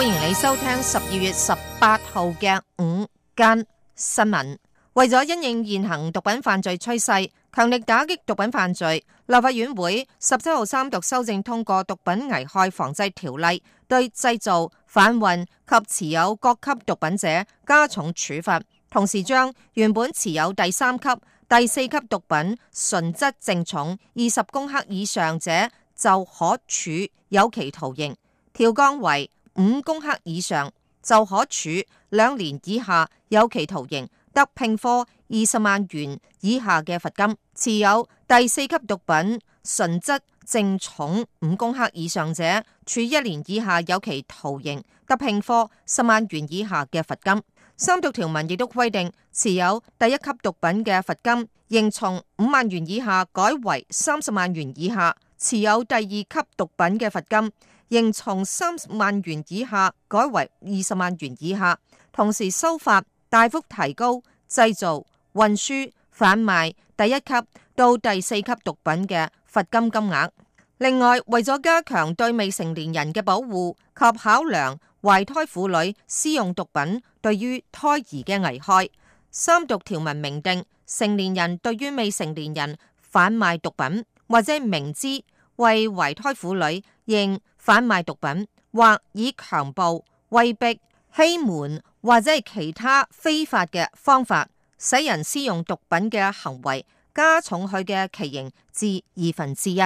歡迎你收聽十二月十八號嘅午間新聞。為咗因應現行毒品犯罪趨勢，強力打擊毒品犯罪，立法院會十七號三讀修正通過《毒品危害防制條例》，對製造、販運及持有各級毒品者加重處罰，同時將原本持有第三級、第四級毒品純質淨重二十公克以上者就可處有期徒刑，調降為。五公克以上就可處兩年以下有期徒刑，得併科二十萬元以下嘅罰金。持有第四級毒品純質正重五公克以上者，處一年以下有期徒刑，得併科十萬元以下嘅罰金。三讀條文亦都規定，持有第一級毒品嘅罰金，應從五萬元以下改為三十萬元以下；持有第二級毒品嘅罰金。仍從三十萬元以下改為二十萬元以下，同時修法大幅提高製造、運輸、販賣第一級到第四級毒品嘅罰金金額。另外，為咗加強對未成年人嘅保護及考量懷胎婦女私用毒品對於胎兒嘅危害，三讀條文明定成年人對於未成年人販賣毒品或者明知，為懷胎婦女，應販賣毒品，或以強暴、威逼、欺瞞或者係其他非法嘅方法，使人施用毒品嘅行為，加重佢嘅其刑至二分之一。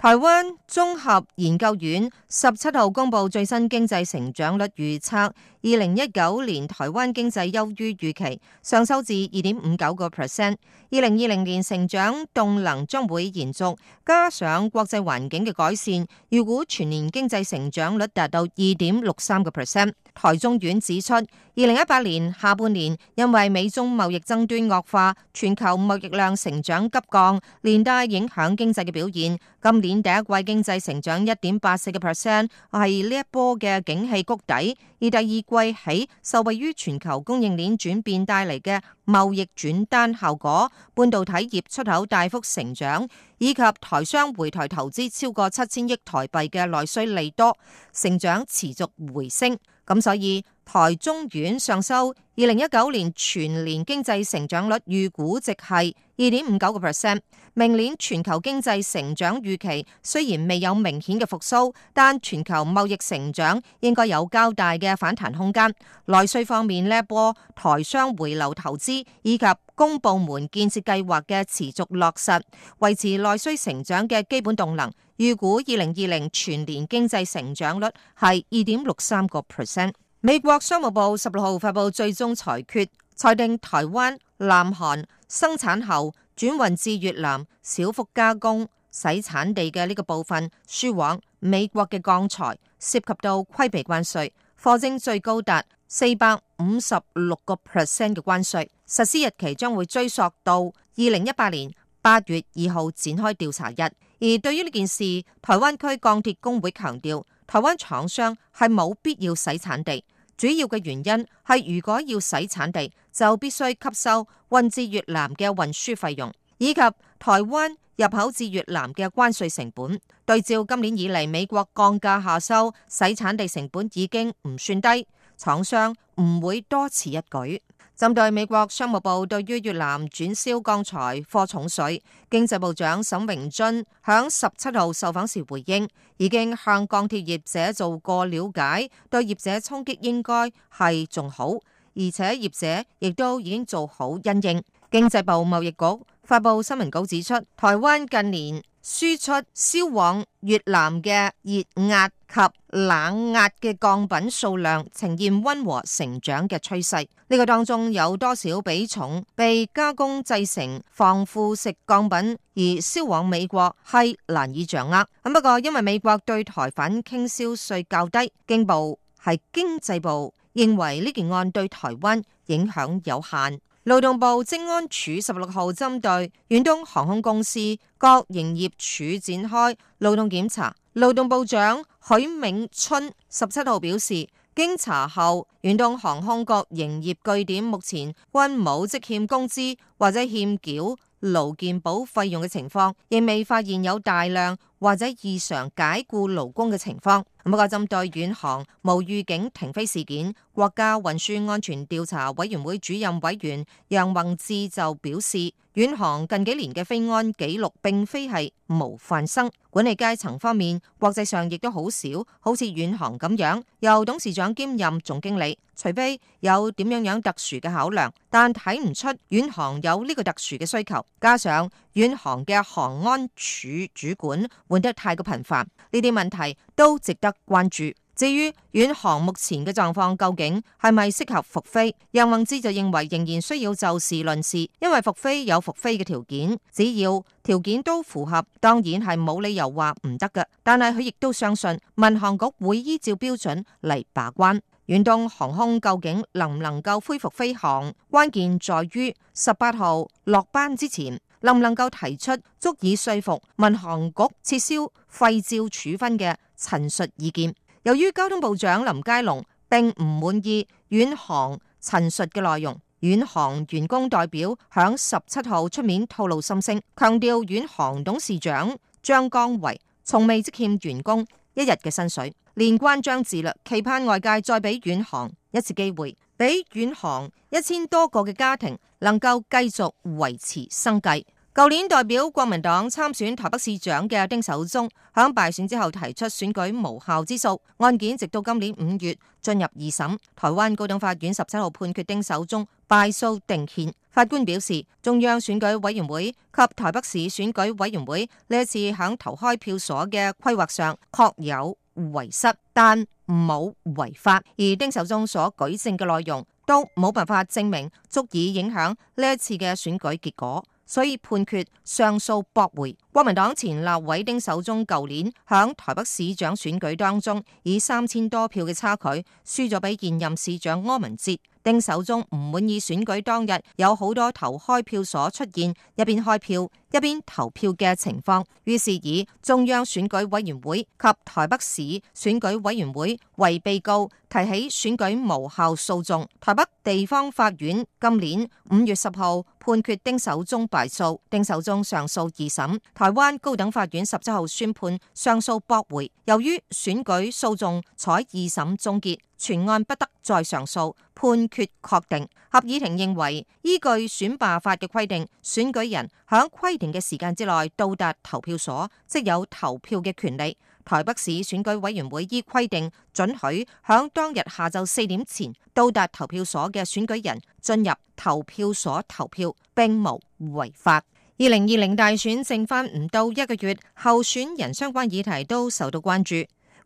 台灣綜合研究院十七號公布最新經濟成長率預測，二零一九年台灣經濟優於預期，上修至二點五九個 percent。二零二零年成長動能將會延續，加上國際環境嘅改善，預估全年經濟成長率達到二點六三個 percent。台綜院指出，二零一八年下半年因為美中貿易爭端惡化，全球貿易量成長急降，連帶影響經濟嘅表現。今年第一季經濟成長一點八四個 percent 係呢一波嘅景氣谷底，而第二季起受惠於全球供應鏈轉變帶嚟嘅貿易轉單效果、半導體業出口大幅成長，以及台商回台投資超過七千億台幣嘅內需利多，成長持續回升。咁所以台綜院上修二零一九年全年經濟成長率預估值係二點五九個 percent。明年全球經濟成長預期雖然未有明顯嘅復甦，但全球貿易成長應該有較大嘅反彈空間。內需方面呢，呢波台商回流投資以及公部門建設計劃嘅持續落實，維持內需成長嘅基本動能。預估二零二零全年經濟成長率係二點六三個 percent。美國商務部十六號發布最終裁決，裁定台灣、南韓生產後轉運至越南，小幅加工、洗產地嘅呢個部分輸往美國嘅鋼材涉及到規避關稅，課徵最高達四百五十六個 percent 嘅關稅，實施日期將會追溯到二零一八年八月二號展開調查日。而對於呢件事，台灣區鋼鐵工會強調，台灣廠商係冇必要洗產地，主要嘅原因係如果要洗產地，就必須吸收運至越南嘅運輸費用以及台灣入口至越南嘅關稅成本。對照今年以嚟，美國降價下收洗產地成本已經唔算低，廠商唔會多此一舉。針對美國商務部對於越南轉銷鋼材課重稅，經濟部長沈榮津喺十七號受訪時回應，已經向鋼鐵業者做過了解，對業者衝擊應該係仲好，而且業者亦都已經做好因應。經濟部貿易局發佈新聞稿指出，台灣近年。輸出銷往越南嘅熱壓及冷壓嘅鋼品數量呈現溫和成長嘅趨勢，呢個當中有多少比重被加工製成防腐蝕鋼品而銷往美國係難以掌握。咁不過因為美國對台反傾銷稅較低，經部係經濟部認為呢件案對台灣影響有限。勞動部職安署十六號針對遠東航空公司各營業處展開勞動檢查，勞動部長許銘春十七號表示，經查後，遠東航空各營業據點目前均冇積欠工資或者欠繳勞健保費用嘅情況，亦未發現有大量。或者異常解雇勞工嘅情況，不過針對遠航無預警停飛事件，國家運輸安全調查委員會主任委員楊宏智就表示，遠航近幾年嘅飛安記錄並非係無犯生。管理階層方面，國際上亦都好少，好似遠航咁樣由董事長兼任總經理，除非有點樣樣特殊嘅考量，但睇唔出遠航有呢個特殊嘅需求。加上遠航嘅航安處主管。換得太過頻繁，呢啲問題都值得關注。至於遠航目前嘅狀況究竟係咪適合復飛，楊宏志就認為仍然需要就事論事，因為復飛有復飛嘅條件，只要條件都符合，當然係冇理由話唔得㗎。但係佢亦都相信民航局會依照標準嚟把關。遠東航空究竟能唔能夠恢復飛航，關鍵在於十八號落班之前。能唔能夠提出足以說服民航局撤銷廢照處分嘅陳述意見？由於交通部長林佳龍并唔滿意遠航陳述嘅內容，遠航員工代表響十七號出面透露心聲，強調遠航董事長張綱維從未積欠員工一日嘅薪水，年關將至，期盼外界再俾遠航一次機會。俾遠航一千多個嘅家庭能夠繼續維持生計。舊年代表國民黨參選台北市長嘅丁守中，響敗選之後提出選舉無效之訴案件，直到今年五月進入二審。台灣高等法院十七號判決丁守中敗訴定讞。法官表示，中央選舉委員會及台北市選舉委員會呢一次響投開票所嘅規劃上，確有違失，但冇違法，而丁守中所舉證嘅內容都冇辦法證明足以影響呢一次嘅選舉結果，所以判決上訴駁回。國民黨前立委丁守中舊年響台北市長選舉當中，以三千多票嘅差距輸咗俾現任市長柯文哲。丁守中唔滿意選舉當日有好多投開票所出現，一邊開票，一邊投票嘅情況，於是以中央選舉委員會及台北市選舉委員會為被告提起選舉無效訴訟。台北地方法院今年五月十號判決丁守中敗訴，丁守中上訴二審。台灣高等法院十七號宣判上訴駁回，由於選舉訴訟採二審終結，全案不得再上訴，判決確定。合議庭認為，依據選罷法嘅規定，選舉人響規定嘅時間之內到達投票所，即有投票嘅權利。台北市選舉委員會依規定准許響當日下晝四點前到達投票所嘅選舉人進入投票所投票，並無違法。二零二零大選剩返唔到一個月，候選人相關議題都受到關注。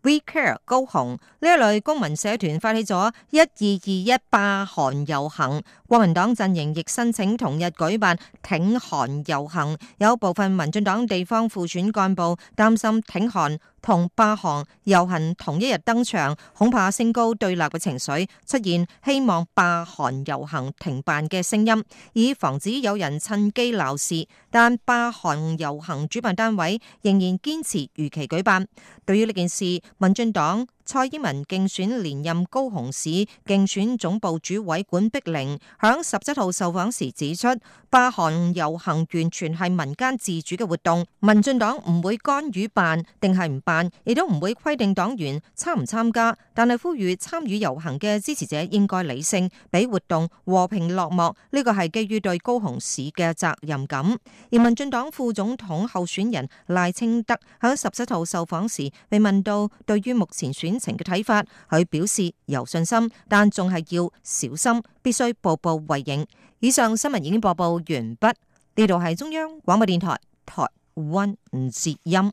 We Care 高雄呢一類公民社團發起咗一二二一罷韓遊行，國民黨陣營亦申請同日舉辦挺韓遊行。有部分民進黨地方副選幹部擔心挺韓同罷韓遊行同一日登場，恐怕升高對立嘅情緒，出現希望罷韓遊行停辦嘅聲音，以防止有人趁機鬧事。但罷韓遊行主辦單位仍然堅持如期舉辦。對於呢件事，民進黨。蔡英文競選連任高雄市競選總部主委管碧玲響十七號受訪時指出，罷韓遊行完全係民間自主嘅活動，民進黨唔會干預，辦定係唔辦，亦都唔會規定黨員參唔參加。但係呼籲參與遊行嘅支持者應該理性，俾活動和平落幕。呢個係基於對高雄市嘅責任感。而民進黨副總統候選人賴清德響十七號受訪時被問到，對於目前選。演情嘅睇法，佢表示有信心，但仲係要小心，必須步步為營。以上新聞已經播報完畢，呢度係中央廣播電台台灣唔之音。